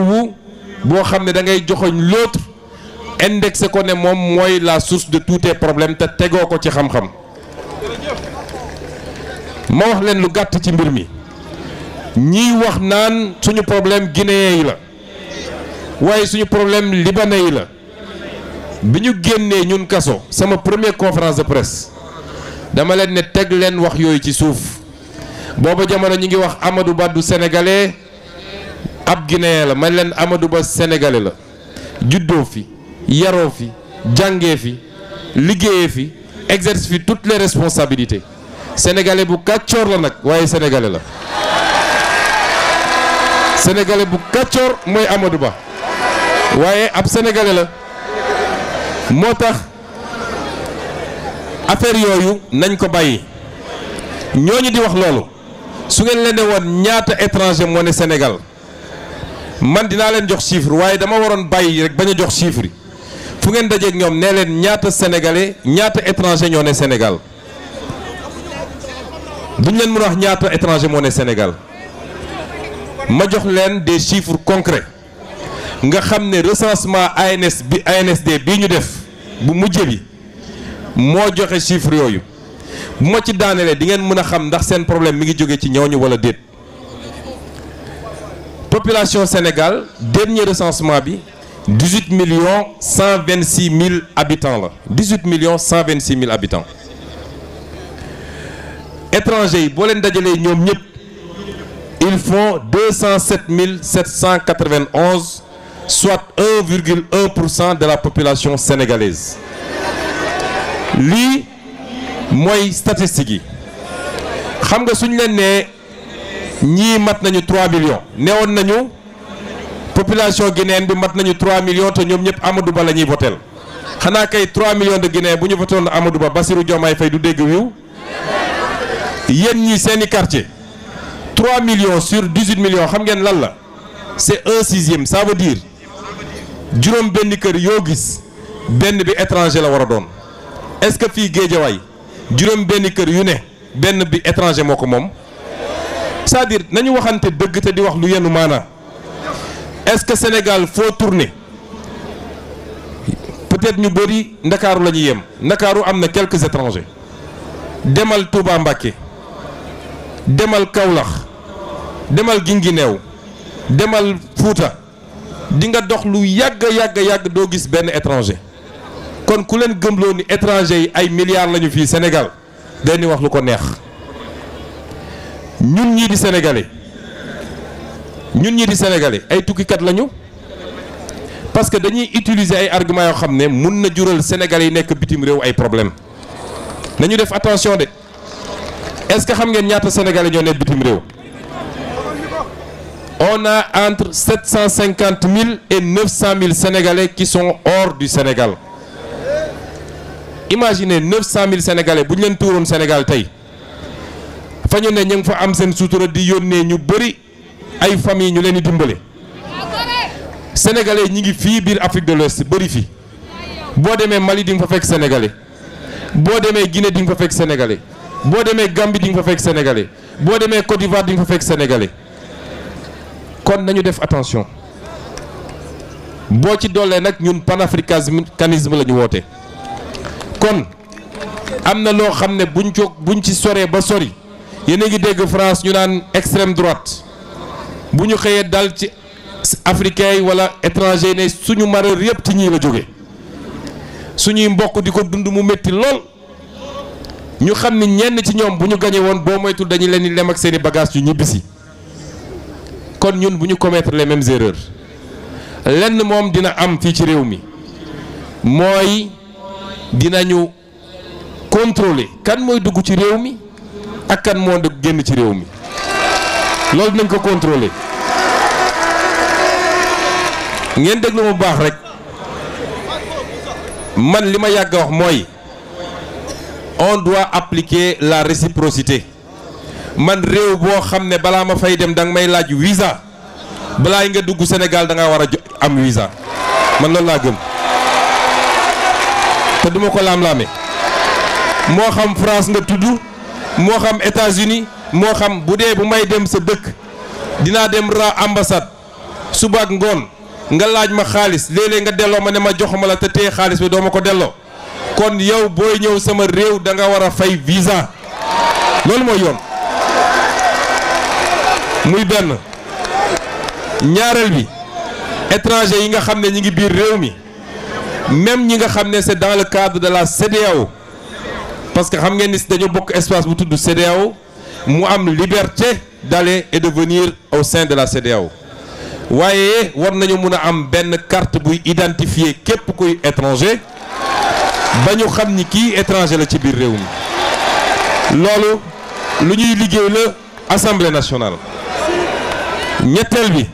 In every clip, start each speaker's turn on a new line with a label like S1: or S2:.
S1: wu boo xam ne da ngay joxoñ l'autre indexé ko ne moom mooy la source de tous tes problèmes te tegoo ko ci xam-xam ma wax leen lu gàtt ci mbir mi ñiy wax naan suñu problème guinéen la waaye suñu problème libanais yi la bi ñu génnee ñun kaso sama première conférence de presse dama leen ne teg leen wax yooyu ci suuf booba jamono ñi ngi wax Amadou Ba du ab Guinéen la man leen Amadou Ba sénégalais la juddoo fi yaroo fi jàngee fi liggéeyee fi exerce fi toutes les responsabilités sénégalais bu kàccoor la nag waaye sénégalais la sénégalais bu kàccoor mooy Amadou Ba waaye ab sénégalais la moo tax affaire yooyu nañ ko bàyyi ñooñu di wax loolu su ngeen leen ne woon ñaata étranger moo ne Sénégal man dinaa leen jox chiffre waaye dama waroon bàyyi rek ba a jox chiffre yi fu ngeen dajeeg ñoom nee leen ñaata sénégalais ñaata étranger ñoo ne Sénégal duñ leen mën a wax ñaata étranger moo ne Sénégal ma jox leen des chiffres concrets nga xam ne recensement ANS bi ANSD bii ñu def bu mujj bi moo joxe chiffre yooyu bu ma ci daanelee di ngeen mën a xam ndax seen problème mi ngi jóge ci ñooñu wala déet. population Sénégal dernier recensement bi dix huit millions cent vingt six mille habitants la dix huit millions cent vingt six mille habitants étrangers yi boo leen dajalee ñoom ñëpp ils font deux cent sept mille sept cent quatre vingt onze soit un virgule pour cent de la population sénégalaise lii mooy statistiques yi xam nga suñ leen nee. ñii mat nañu 3 millions newoon nañu population guinéenne bi mat nañu 3 millions te ñoom ñëpp Amadou Ba la ñuy voteel xanaa kay 3 millions de Guinéens bu ñu votoon Amadou Ba Bassirou Diomaye Faye du dégg wiw yéen ñii seeni quartier million millions sur 18 millions xam ngeen lan la c'est un sixième ça veut dire juróom benn kër yoo gis benn bi étranger la war a doon est-ce que fii Géejawaay juróom benn kër yu ne benn bi étranger moo ko moom c'est-à-dire nañu waxante dëgg te di wax lu yenu maana est-ce que Sénégal foo tourner peut-être ñu bëri ndakaaru la ñuy yem ndakaaru am na quelques étrangers demal Touba Mbacké demal Kaolack demal Guinguinéo demal Fouta di nga dox lu yàgg yàgg yàgg doo gis benn étranger kon ku leen gëmloo ni étranger yi ay milliards lañu fii Sénégal dañuy wax lu ko neex. ñun ñii di sénégalais ñun ñii di sénégalais ay tukkikat lañu parce que dañuy utiliser ay arguments yoo xam ne mun na jural sénégalais yi nekk bitim réew ay problème nañu def attention de est-ce que xam ngeen ñaata sénégalais ñoo nekk bitim réew on a entre sept cent cinquante mille et neuf cent mille sénégalais qui son hors du Sénégal imaginez neuf cent mille sénégalais bu ñu leen tuuroon Sénégal tey. fa ñu ne ñu ngi fa am seen sutura di yónnee ñu bëri ay famille ñu leen di dimbale sénégalais ñi ngi fii biir Afrique de l'Ouest bari fi boo demee Mali di nga fa fekk sénégalais boo demee Guinée di nga fa fekk sénégalais boo demee Gambie di nga fa fekk sénégalais boo demee Côte d'Ivoire di nga fa fekk sénégalais kon nañu def attention boo ci doolee nag ñun panafricanisme la ñu woote kon am na loo xam ne buñ ko buñ ci soree ba sori. yéen a dégg France ñu naan extrême droite bu ñu xëyee dal ci africain yi wala étranger ne suñu malheur yëpp ci ñii la jóge suñuy mbokk di ko dund mu métti lool ñu xam ni ñenn ci ñoom bu ñu gañe woon boo moytul dañu leen di lem ak seeni bagage yu ñibbisi kon ñun bu ñu commettre les mêmes erreurs lenn moom dina am fii ci réew mi mooy dinañu contrôler kan mooy dugg ci réew mi ak kan moo dëgg génn ci réew mi loolu nañ ko contrôler ngeen déglu mu baax rek man li ma yàgg a wax mooy on doit appliquer la réciprocité man réew boo xam ne balaa ma fay dem da may laaj visa balaa yi nga dugg Sénégal da nga war a am visa man loolu laa gëm te duma ko laam-laame moo xam France nga tudd. moo xam États-Unis moo xam bu dee bu may dem sa dëkk dinaa dem ra ambassade suba ak ngoon nga laaj ma xaalis léeg nga delloo ma ne ma jox ma la te téye xaalis bi doo ma ko delloo kon yow booy ñëw sama réew danga nga war a fay visa loolu mooy yoon muy benn ñaareel bi étranger yi nga xam ne ñi ngi biir réew mi même ñi nga xam ne c'est dans le cadre de la CEDEAO parce que xam ngeen dañu bokk espace bu tudd CEDEAO mu am liberté d'aller et de au sein de la CEDEAO waaye war nañu mun a am benn carte buy identifier képp kuy étranger ba ñu xam ni kii étranger la ci biir réew mi loolu lu ñuy liggéey la assemblée nationale ñetteel bi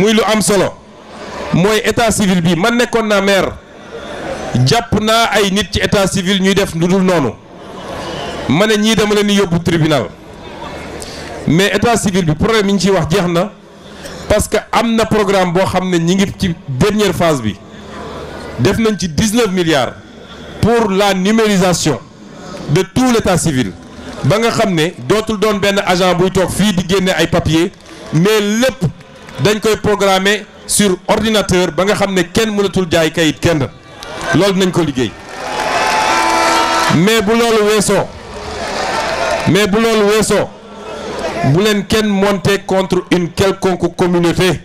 S1: muy lu am solo mooy état civil bi man nekkoon naa maire. jàpp naa ay nit ci état civil ñuy def lu dul noonu ma ne ñii dama leen di yóbbu tribunal mais état civil bi problème yi ñu ciy wax jeex na parce que am na programme boo xam ne ñi ngi ci dernière phase bi def nañ ci 19 milliards pour la numérisation de tout l' état civil ba nga xam ne dootul doon benn agent buy toog fii di génne ay papier mais lépp dañ koy programmer sur ordinateur ba nga xam ne kenn mënatul jaay kayit kenn. loolu dinañ ko liggéey mais bu loolu weesoo mais bu loolu weesoo bu leen kenn monter contre une quelconque communauté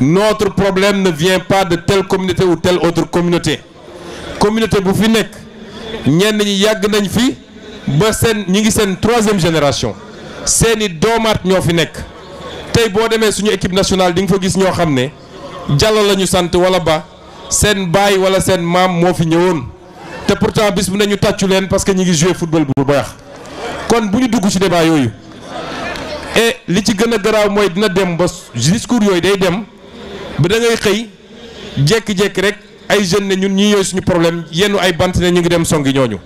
S1: notre problème ne vient pas de telle communauté ou telle autre communauté communauté bu fi nekk ñenn ñi yàgg nañ fi ba seen ñi ngi seen troisième génération seeni doomaat ñoo fi nekk tey boo demee suñu équipe nationale di nga fa gis ñoo xam ne Diallo la sant wala Ba. seen baay wala seen maam moo fi ñëwoon te pourtant bis bu ne ñu tàccu leen parce que ñu ngi joué football bu baax kon bu ñu dugg ci débat yooyu et li ci gën a garaaw mooy dina dem ba discours yooyu day dem ba da ngay xëy jékki-jékki rek ay jeunes ne ñun ñii yooyu suñu problème yenn ay bant ne ñu ngi dem songi ñooñu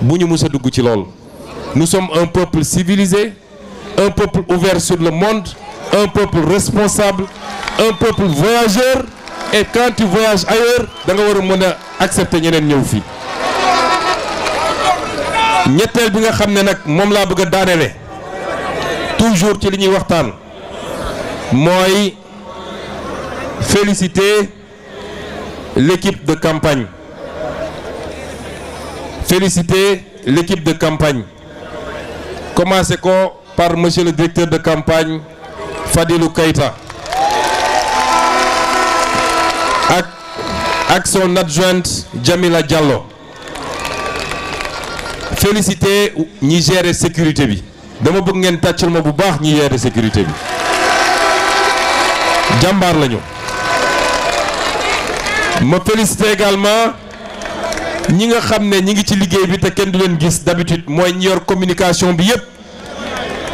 S1: bu ñu mus a dugg ci lool nous sommes un peuple civilisé un peuple ouvert sur le monde un peuple responsable un peuple voyageur. et quand tu voyages ailleurs da nga war a mën a accepter ñeneen ñëw fii ñetteel bi nga xam ne nag moom laa bëgg a daanele toujours ci li ñuy waxtaan mooy féliciter l'équipe de campagne féliciter l'équipe de campagne commencé ko par monsieur le directeur de campagne fadilu Keïta ak ak son adjointe Jamila Diallo félicité ñi gérer sécurité bi dama bëgg ngeen tàccal ma bu baax ñi gérer sécurité bi jàmbaar lañu ma félicité également ñi nga xam ne ñi ngi ci liggéey bi te kenn du leen gis d'habitude mooy ñi communication bi yépp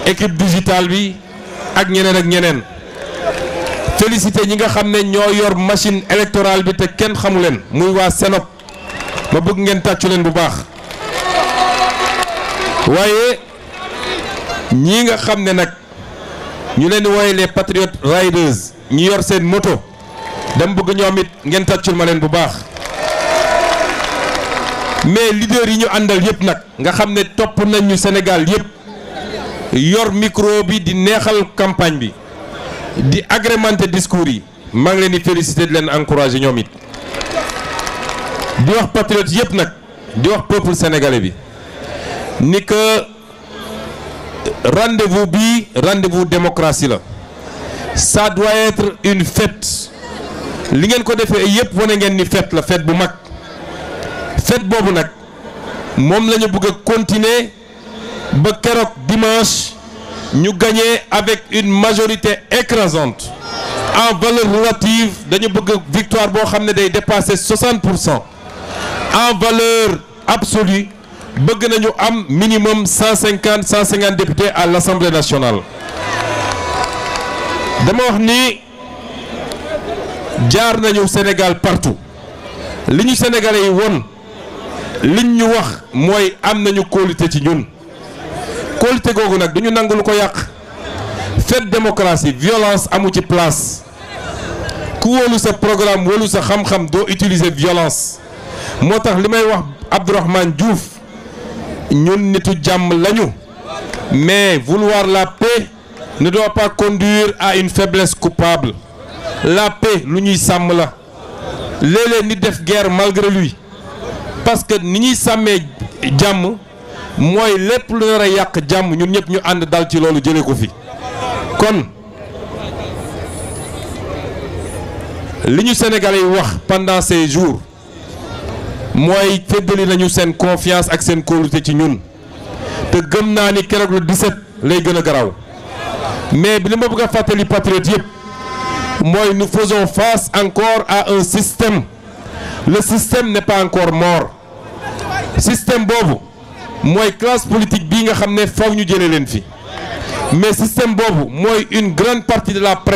S1: équipe digitale bi ak ñeneen ak ñeneen félicité ñi nga xam ne ñoo yor machine électorale bi te kenn xamu leen muy waa Senop ma bëgg ngeen tàccu leen bu baax waaye ñii nga xam ne nag ñu leen di wooye les patriotes riders ñi yor seen moto dama bëgg ñoom it ngeen tàccu ma leen bu baax mais leader yi ñu àndal yëpp nag nga xam ne topp nañu Sénégal yëpp yor micro bi di neexal campagne bi. di agrémenter discours yi maa ngi leen di féliciter di leen encourager ñoom it di wax patriote yëpp nag di wax peuple sénégalais bi ni que rendez-vous bii rendez-vous démocratie la ça doit être une fête li ngeen ko defee yëpp wane ngeen ni fête la fête bu mag fête boobu nag moom lañu ñu bëgg a continuer ba keroog dimanche. ñu gagné avec une majorité écrasante en valeur relative dañu bëgg victoire boo xam ne day dépasser 60 pour cent en valeur absolue bëgg nañu am minimum 150 150 députés à l'Assemblée nationale dama wax ni jaar nañu Sénégal partout li ñu sénégalais yi won liñ ñu wax mooy am nañu kóolute ci ñun kóolute googu nag du ñu nangu lu ko yàq fête démocratie violence amu ci place ku wóolu sa programme wóolu sa xam-xam doo utiliser violence moo tax li may wax Abdourahmane Diouf ñun nitu jàmm lañu mais vouloir la paix ne doit pas conduire à une faiblesse coupable la paix lu ñuy sàmm la léeg-léeg nit def guerre malgré lui parce que ni ñuy sàmmee jàmm mooy lépp lu nar a yàq jàmm ñun ñëpp ñu ànd dal ci loolu jëlee ko fi kon li ñu Sénégalais yi wax pendant ces jours mooy feddali nañu seen confiance ak seen kóolute ci ñun te gëm naa ni keroog lu lay gën a garaaw mais li ma bëgg a fàttali patriote yëpp mooy nous faisons face encore à un système le système n'est pas encore mort système boobu. mooy classe politique bii nga xam ne faw ñu jëlee leen fii mais système boobu mooy une grande partie de la presse